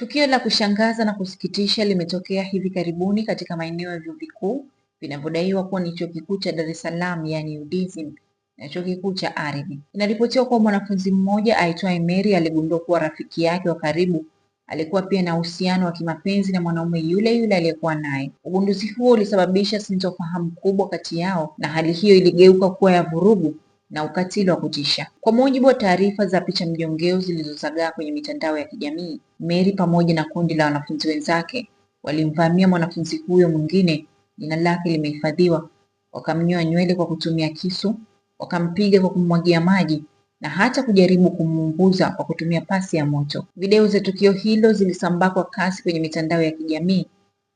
Tukio la kushangaza na kusikitisha limetokea hivi karibuni katika maeneo ya vyuo vikuu vinavyodaiwa kuwa ni chuo kikuu cha Dar es Salaam yani UDSM na chuo kikuu cha Ardhi. Inaripotiwa kuwa mwanafunzi mmoja aitwaye Mary aligundua kuwa rafiki yake wa karibu alikuwa pia na uhusiano wa kimapenzi na mwanaume yule yule aliyekuwa naye. Ugunduzi huo ulisababisha sintofahamu kubwa kati yao na hali hiyo iligeuka kuwa ya vurugu na ukatili wa kutisha. Kwa mujibu wa taarifa za picha mjongeo zilizozagaa kwenye mitandao ya kijamii, Mary pamoja na kundi la wanafunzi wenzake walimvamia mwanafunzi huyo mwingine, jina lake limehifadhiwa, wakamnyoa nywele kwa kutumia kisu, wakampiga kwa kumwagia maji na hata kujaribu kumuunguza kwa kutumia pasi ya moto. Video za tukio hilo zilisambaa kwa kasi kwenye mitandao ya kijamii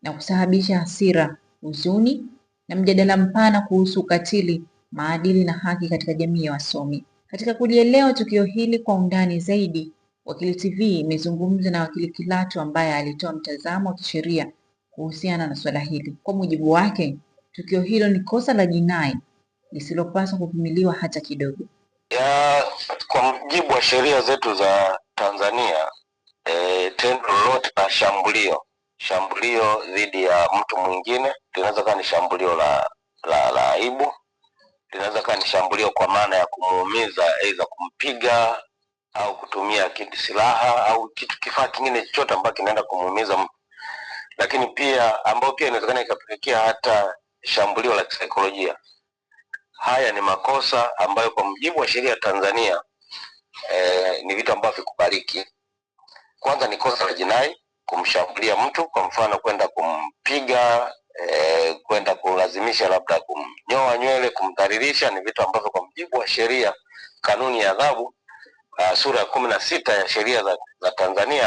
na kusababisha hasira, huzuni na mjadala mpana kuhusu ukatili maadili na haki katika jamii ya wasomi. Katika kulielewa tukio hili kwa undani zaidi, Wakili TV imezungumza na wakili Kilatu ambaye alitoa mtazamo wa kisheria kuhusiana na suala hili. Kwa mujibu wake, tukio hilo ni kosa la jinai lisilopaswa kuvumiliwa hata kidogo. Ya, kwa mujibu wa sheria zetu za Tanzania e, tendo lolote la shambulio shambulio dhidi ya mtu mwingine linaweza kuwa ni shambulio la la, la aibu linaweza kuwa ni shambulio kwa maana ya kumuumiza, aidha kumpiga au kutumia kitu silaha au kitu kifaa kingine chochote ambacho kinaenda kumuumiza mtu, lakini pia ambayo pia inawezekana ikapelekea hata shambulio la kisaikolojia. Haya ni makosa ambayo kwa mjibu wa sheria ya Tanzania eh, ni vitu ambavyo vikubariki Kwanza ni kosa la jinai kumshambulia mtu, kwa mfano kwenda kumpiga Eh, kwenda kulazimisha labda kumnyoa nywele, kumdhalilisha ni vitu ambavyo kwa mjibu wa sheria, kanuni ya adhabu uh, sura ya kumi na sita ya sheria za, za Tanzania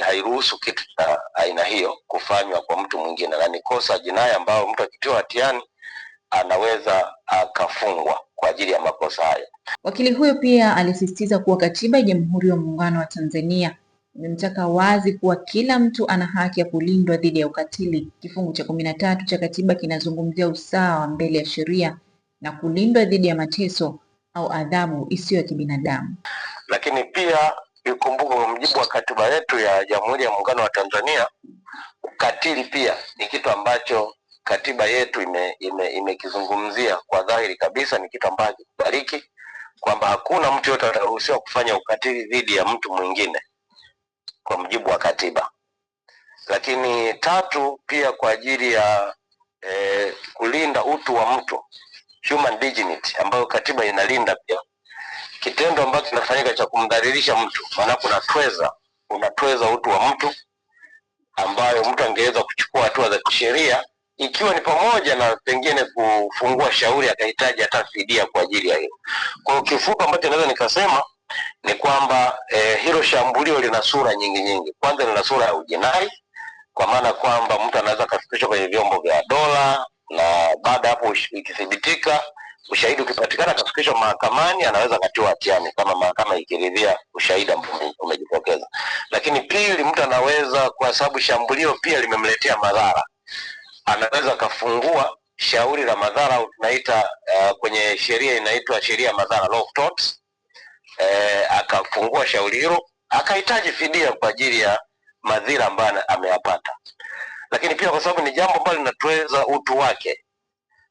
hairuhusu hai, hai kitu cha aina hiyo kufanywa kwa mtu mwingine, na ni kosa jinai ambayo mtu akitiwa hatiani anaweza akafungwa kwa ajili ya makosa hayo. Wakili huyo pia alisisitiza kuwa katiba ya Jamhuri ya Muungano wa Tanzania Imemtaka wazi kuwa kila mtu ana haki ya kulindwa dhidi ya ukatili. Kifungu cha kumi na tatu cha katiba kinazungumzia usawa mbele ya sheria na kulindwa dhidi ya mateso au adhabu isiyo ya kibinadamu. Lakini pia ikumbuke, kwa mujibu wa katiba yetu ya Jamhuri ya Muungano wa Tanzania, ukatili pia ni kitu ambacho katiba yetu imekizungumzia ime, ime kwa dhahiri kabisa, ni kitu ambacho bariki kwamba hakuna mtu yote ataruhusiwa kufanya ukatili dhidi ya mtu mwingine kwa mujibu wa katiba. Lakini tatu, pia kwa ajili ya eh, kulinda utu wa mtu human dignity, ambayo katiba inalinda pia kitendo ambacho kinafanyika cha kumdhalilisha mtu, maanake unatweza unatweza utu wa mtu, ambayo mtu angeweza kuchukua hatua za kisheria, ikiwa ni pamoja na pengine kufungua shauri akahitaji hata fidia kwa ajili ya hiyo. Kwa hiyo kifupi ambacho naweza nikasema ni kwamba e, hilo shambulio lina sura nyingi nyingi. Kwanza lina sura ya ujinai, kwa maana kwamba mtu anaweza akafikishwa kwenye vyombo vya dola, na baada hapo ikithibitika, ushahidi ukipatikana, akafikishwa mahakamani, anaweza akatiwa hatiani kama mahakama ikiridhia ushahidi ambao umejitokeza. Lakini pili, mtu anaweza, kwa sababu shambulio pia limemletea madhara, anaweza akafungua shauri la madhara tunaita uh, kwenye sheria inaitwa sheria ya madhara law of torts eh, akafungua shauri hilo, akahitaji fidia kwa ajili ya madhira ambayo ameyapata, lakini pia kwa sababu ni jambo ambalo linatweza utu wake,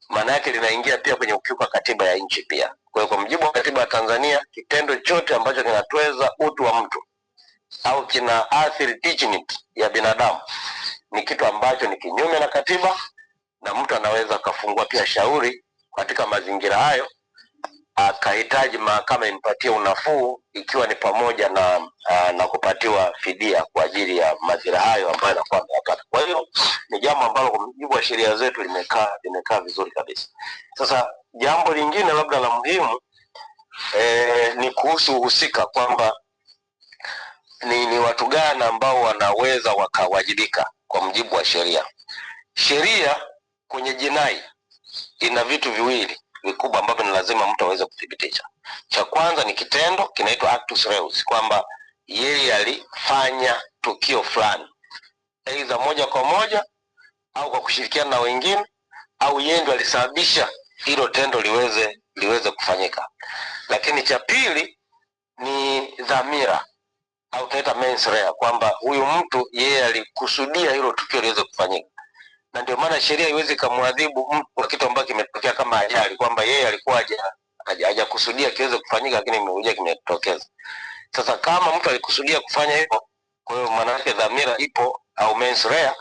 maana yake linaingia pia kwenye ukiuka katiba ya nchi pia. Kwa hiyo kwa mjibu wa katiba ya Tanzania, kitendo chote ambacho kinatweza utu wa mtu au kina athiri dignity ya binadamu ni kitu ambacho ni kinyume na katiba, na mtu anaweza akafungua pia shauri katika mazingira hayo akahitaji mahakama inipatie unafuu ikiwa ni pamoja na a, ah, na kupatiwa fidia kwa ajili ya madhira hayo ambayo anakuwa ameyapata. Kwa hiyo ni jambo ambalo kwa mujibu wa sheria zetu limekaa limekaa vizuri kabisa. Sasa jambo lingine labda la muhimu e, ni kuhusu uhusika kwamba ni, ni watu gani ambao wanaweza wakawajibika kwa mujibu wa sheria. Sheria kwenye jinai ina vitu viwili vikubwa ambavyo lazima mtu aweze kuthibitisha. Cha kwanza ni kitendo kinaitwa actus reus, kwamba yeye alifanya tukio fulani, aidha moja kwa moja au kwa kushirikiana na wengine, au yeye ndo alisababisha hilo tendo liweze liweze kufanyika. Lakini cha pili ni dhamira au tunaita mens rea, kwamba huyu mtu yeye alikusudia hilo tukio liweze kufanyika na ndio maana sheria iwezi ikamwadhibu mtu kwa kitu ambacho kimetokea kama ajali, kwamba yeye alikuwa hajakusudia kiweze kufanyika, lakini imekuja kimetokeza. Sasa kama mtu alikusudia kufanya hivyo, kwa hiyo yake dhamira ipo au mens rea,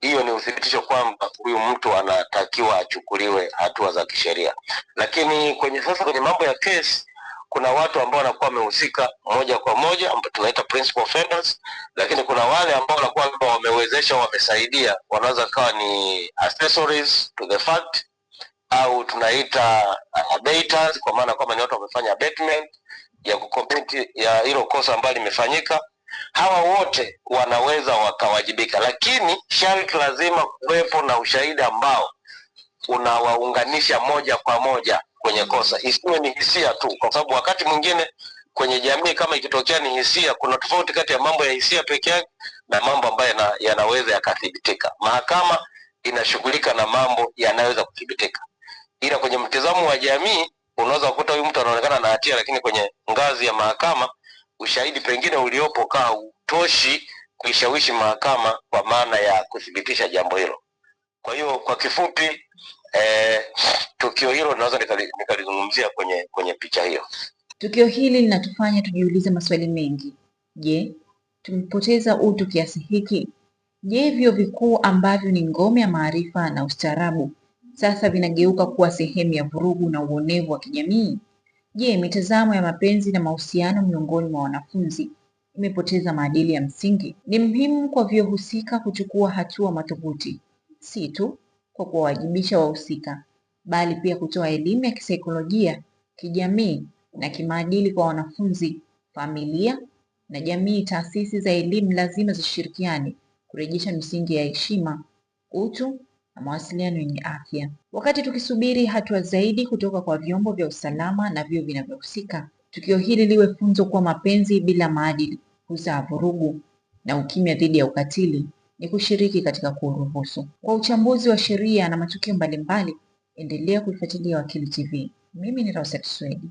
hiyo ni uthibitisho kwamba huyu mtu anatakiwa achukuliwe hatua za kisheria. Lakini kwenye sasa, kwenye mambo ya kesi kuna watu ambao wanakuwa wamehusika moja kwa moja ambao tunaita principal offenders, lakini kuna wale ambao wanakuwa wamewezesha, wamesaidia, wanaweza kawa ni accessories to the fact au tunaita uh, abeiters, kwa maana kwamba ni watu wamefanya abatement ya kucommit ya hilo kosa ambalo limefanyika. Hawa wote wanaweza wakawajibika, lakini sharti lazima kuwepo na ushahidi ambao unawaunganisha moja kwa moja kwenye kosa, isiwe ni hisia tu, kwa sababu wakati mwingine kwenye jamii kama ikitokea ni hisia, kuna tofauti kati ya mambo ya hisia peke yake na mambo ambayo yanaweza yakathibitika. Mahakama inashughulika na mambo yanayoweza kuthibitika, ila kwenye mtizamo wa jamii unaweza kukuta huyu mtu anaonekana na hatia, lakini kwenye ngazi ya mahakama ushahidi pengine uliopo kaa utoshi kuishawishi mahakama kwa maana ya kuthibitisha jambo hilo. Kwa hiyo kwa kifupi eh, tukio hilo naweza nikalizungumzia kwenye kwenye picha hiyo. Tukio hili linatufanya tujiulize maswali mengi. Je, tumepoteza utu kiasi hiki? Je, vyuo vikuu ambavyo ni ngome ya maarifa na ustaarabu sasa vinageuka kuwa sehemu ya vurugu na uonevu wa kijamii? Je, mitazamo ya mapenzi na mahusiano miongoni mwa wanafunzi imepoteza maadili ya msingi? Ni muhimu kwa vyuo husika kuchukua hatua madhubuti, si tu kwa kuwawajibisha wahusika, bali pia kutoa elimu ya kisaikolojia, kijamii na kimaadili kwa wanafunzi, familia na jamii. Taasisi za elimu lazima zishirikiane kurejesha misingi ya heshima, utu na mawasiliano yenye afya. Wakati tukisubiri hatua zaidi kutoka kwa vyombo vya usalama na vyuo vinavyohusika, tukio hili liwe funzo kuwa mapenzi bila maadili huzaa vurugu na ukimya dhidi ya ukatili ni kushiriki katika kuruhusu Kwa uchambuzi wa sheria na matukio mbalimbali, endelea kuifuatilia Wakili TV. Mimi ni Roset Swedi.